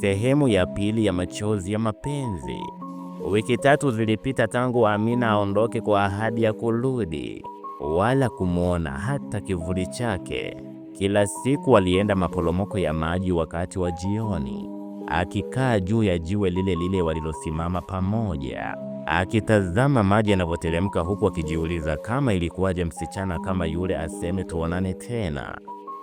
Sehemu ya pili ya machozi ya mapenzi. Wiki tatu zilipita tangu Amina aondoke kwa ahadi ya kurudi, wala kumwona hata kivuli chake. Kila siku alienda maporomoko ya maji wakati wa jioni, akikaa juu ya jiwe lile lile walilosimama pamoja, akitazama maji yanavyoteremka, huku akijiuliza kama ilikuwaje msichana kama yule aseme tuonane tena,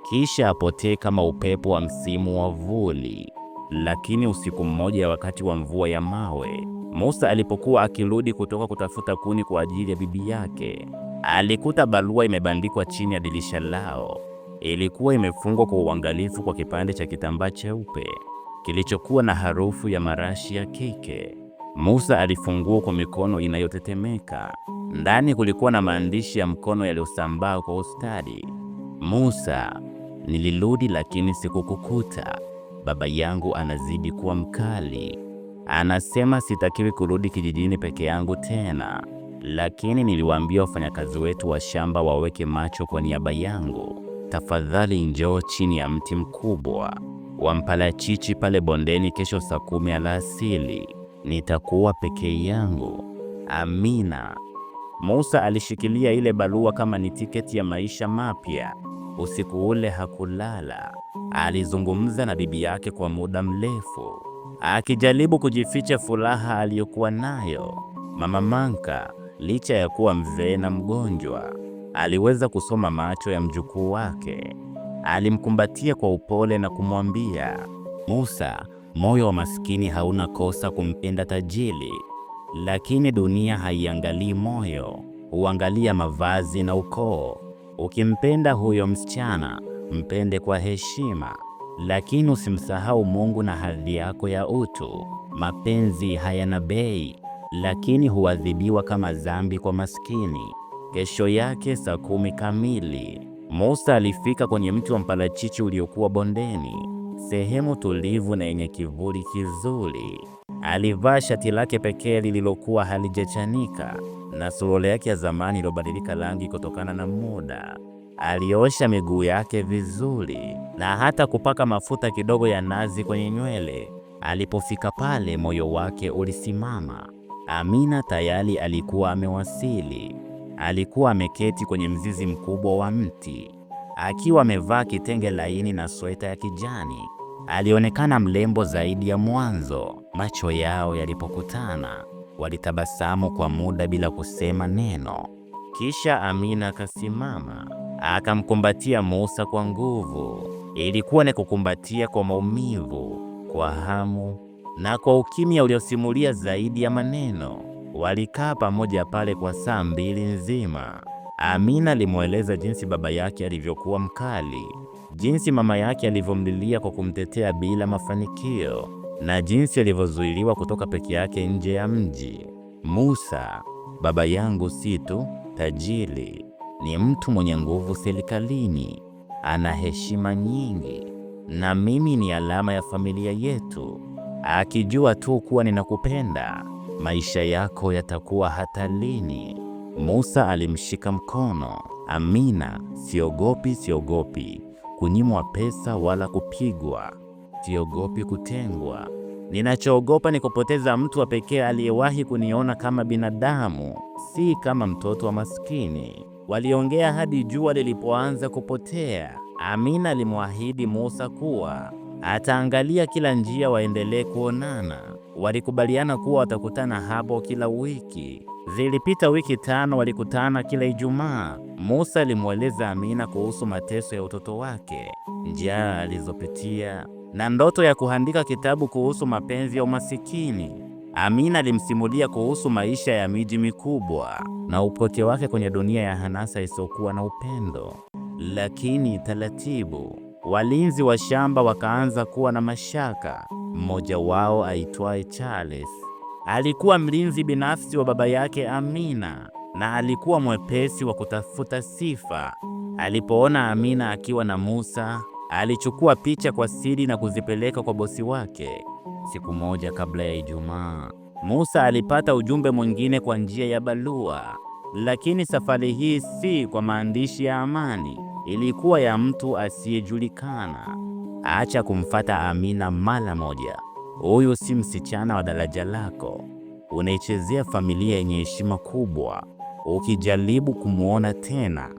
kisha apotee kama upepo wa msimu wa vuli. Lakini usiku mmoja, wakati wa mvua ya mawe, Musa alipokuwa akirudi kutoka kutafuta kuni kwa ajili ya bibi yake, alikuta barua imebandikwa chini ya dirisha lao. Ilikuwa imefungwa kwa uangalifu kwa kipande cha kitambaa cheupe kilichokuwa na harufu ya marashi ya kike. Musa alifungua kwa mikono inayotetemeka. Ndani kulikuwa na maandishi ya mkono yaliyosambaa kwa ustadi: Musa, nilirudi lakini sikukukuta baba yangu anazidi kuwa mkali. Anasema sitakiwi kurudi kijijini peke yangu tena, lakini niliwaambia wafanyakazi wetu wa shamba waweke macho kwa niaba yangu. Tafadhali njoo chini ya mti mkubwa wa mpalachichi pale bondeni kesho saa kumi alasiri. Nitakuwa peke yangu. Amina. Musa alishikilia ile barua kama ni tiketi ya maisha mapya. Usiku ule hakulala, alizungumza na bibi yake kwa muda mrefu, akijaribu kujificha furaha aliyokuwa nayo. Mama Manka, licha ya kuwa mzee na mgonjwa, aliweza kusoma macho ya mjukuu wake. Alimkumbatia kwa upole na kumwambia, Musa, moyo wa maskini hauna kosa kumpenda tajiri, lakini dunia haiangalii moyo, huangalia mavazi na ukoo. Ukimpenda huyo msichana, mpende kwa heshima, lakini usimsahau Mungu na hadhi yako ya utu. Mapenzi hayana bei, lakini huadhibiwa kama dhambi kwa maskini. Kesho yake saa kumi kamili, Musa alifika kwenye mti wa mparachichi uliokuwa bondeni, sehemu tulivu na yenye kivuli kizuri. Alivaa shati lake pekee lililokuwa halijachanika na suruali yake ya zamani iliyobadilika rangi kutokana na muda. Aliosha miguu yake vizuri na hata kupaka mafuta kidogo ya nazi kwenye nywele. Alipofika pale, moyo wake ulisimama. Amina tayari alikuwa amewasili. Alikuwa ameketi kwenye mzizi mkubwa wa mti akiwa amevaa kitenge laini na sweta ya kijani. Alionekana mrembo zaidi ya mwanzo macho yao yalipokutana. Walitabasamu kwa muda bila kusema neno, kisha Amina akasimama akamkumbatia Musa kwa nguvu. Ilikuwa ni kukumbatia kwa maumivu, kwa hamu na kwa ukimya uliosimulia zaidi ya maneno. Walikaa pamoja pale kwa saa mbili nzima. Amina alimweleza jinsi baba yake alivyokuwa mkali, jinsi mama yake alivyomlilia kwa kumtetea bila mafanikio na jinsi alivyozuiliwa kutoka peke yake nje ya mji. Musa, baba yangu, si tu tajiri, ni mtu mwenye nguvu serikalini, ana heshima nyingi, na mimi ni alama ya familia yetu. Akijua tu kuwa ninakupenda, maisha yako yatakuwa hatarini. Musa alimshika mkono. Amina, siogopi, siogopi kunyimwa pesa wala kupigwa siogopi kutengwa. Ninachoogopa ni kupoteza mtu wa pekee aliyewahi kuniona kama binadamu, si kama mtoto wa maskini. Waliongea hadi jua lilipoanza kupotea. Amina alimwahidi Musa kuwa ataangalia kila njia waendelee kuonana. Walikubaliana kuwa watakutana hapo kila wiki. Zilipita wiki tano, walikutana kila Ijumaa. Musa alimweleza Amina kuhusu mateso ya utoto wake, njaa alizopitia, na ndoto ya kuandika kitabu kuhusu mapenzi ya umasikini. Amina alimsimulia kuhusu maisha ya miji mikubwa na upote wake kwenye dunia ya hanasa isiyokuwa na upendo. Lakini taratibu, walinzi wa shamba wakaanza kuwa na mashaka. Mmoja wao aitwaye Charles alikuwa mlinzi binafsi wa baba yake Amina na alikuwa mwepesi wa kutafuta sifa. Alipoona Amina akiwa na Musa alichukua picha kwa siri na kuzipeleka kwa bosi wake. Siku moja kabla ya Ijumaa, Musa alipata ujumbe mwingine kwa njia ya barua, lakini safari hii si kwa maandishi ya amani, ilikuwa ya mtu asiyejulikana. Acha kumfata Amina mara moja. Huyu si msichana wa daraja lako. Unaichezea familia yenye heshima kubwa. Ukijaribu kumwona tena,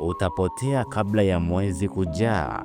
utapotea kabla ya mwezi kujaa.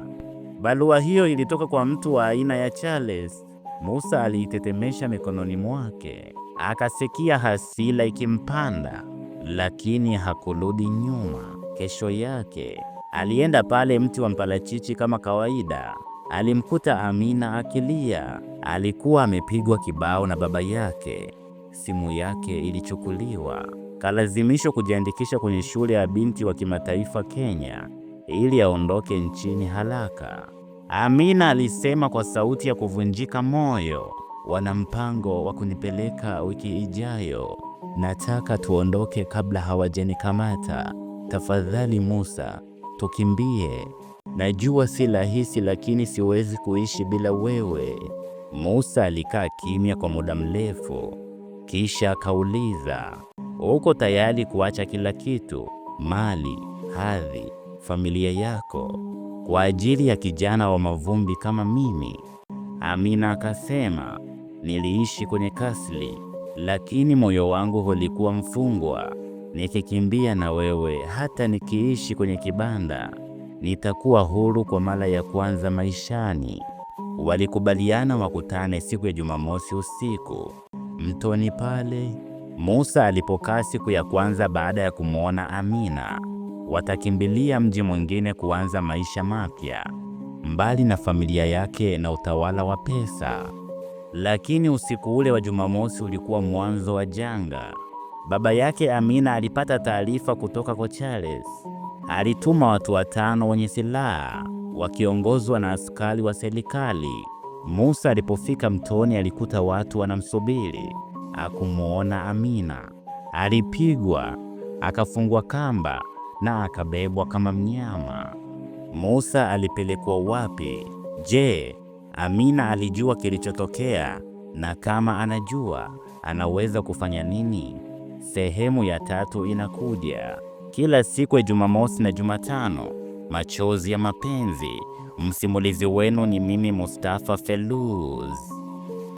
Barua hiyo ilitoka kwa mtu wa aina ya Charles. Musa aliitetemesha mikononi mwake, akasikia hasira ikimpanda, lakini hakurudi nyuma. Kesho yake alienda pale mti wa mparachichi kama kawaida. Alimkuta Amina akilia. Alikuwa amepigwa kibao na baba yake, simu yake ilichukuliwa, kalazimishwa kujiandikisha kwenye shule ya binti wa kimataifa Kenya ili aondoke nchini haraka. Amina alisema kwa sauti ya kuvunjika moyo, wana mpango wa kunipeleka wiki ijayo. Nataka tuondoke kabla hawajenikamata Tafadhali Musa, tukimbie. Najua si rahisi, lakini siwezi kuishi bila wewe. Musa alikaa kimya kwa muda mrefu, kisha akauliza, uko tayari kuacha kila kitu, mali, hadhi familia yako kwa ajili ya kijana wa mavumbi kama mimi. Amina akasema, niliishi kwenye kasri, lakini moyo wangu ulikuwa mfungwa. Nikikimbia na wewe, hata nikiishi kwenye kibanda, nitakuwa huru kwa mara ya kwanza maishani. Walikubaliana wakutane siku ya Jumamosi usiku mtoni pale Musa alipokaa siku ya kwanza baada ya kumwona Amina watakimbilia mji mwingine kuanza maisha mapya mbali na familia yake na utawala wa pesa. Lakini usiku ule wa Jumamosi ulikuwa mwanzo wa janga. Baba yake Amina alipata taarifa kutoka kwa Charles. Alituma watu watano wenye silaha wakiongozwa na askari wa serikali. Musa alipofika mtoni, alikuta watu wanamsubiri. Hakumwona Amina, alipigwa, akafungwa kamba na akabebwa kama mnyama. Musa alipelekwa wapi? Je, Amina alijua kilichotokea? Na kama anajua, anaweza kufanya nini? Sehemu ya tatu inakuja. Kila siku ya Jumamosi na Jumatano, Machozi ya Mapenzi. Msimulizi wenu ni mimi Mustafa Feluz.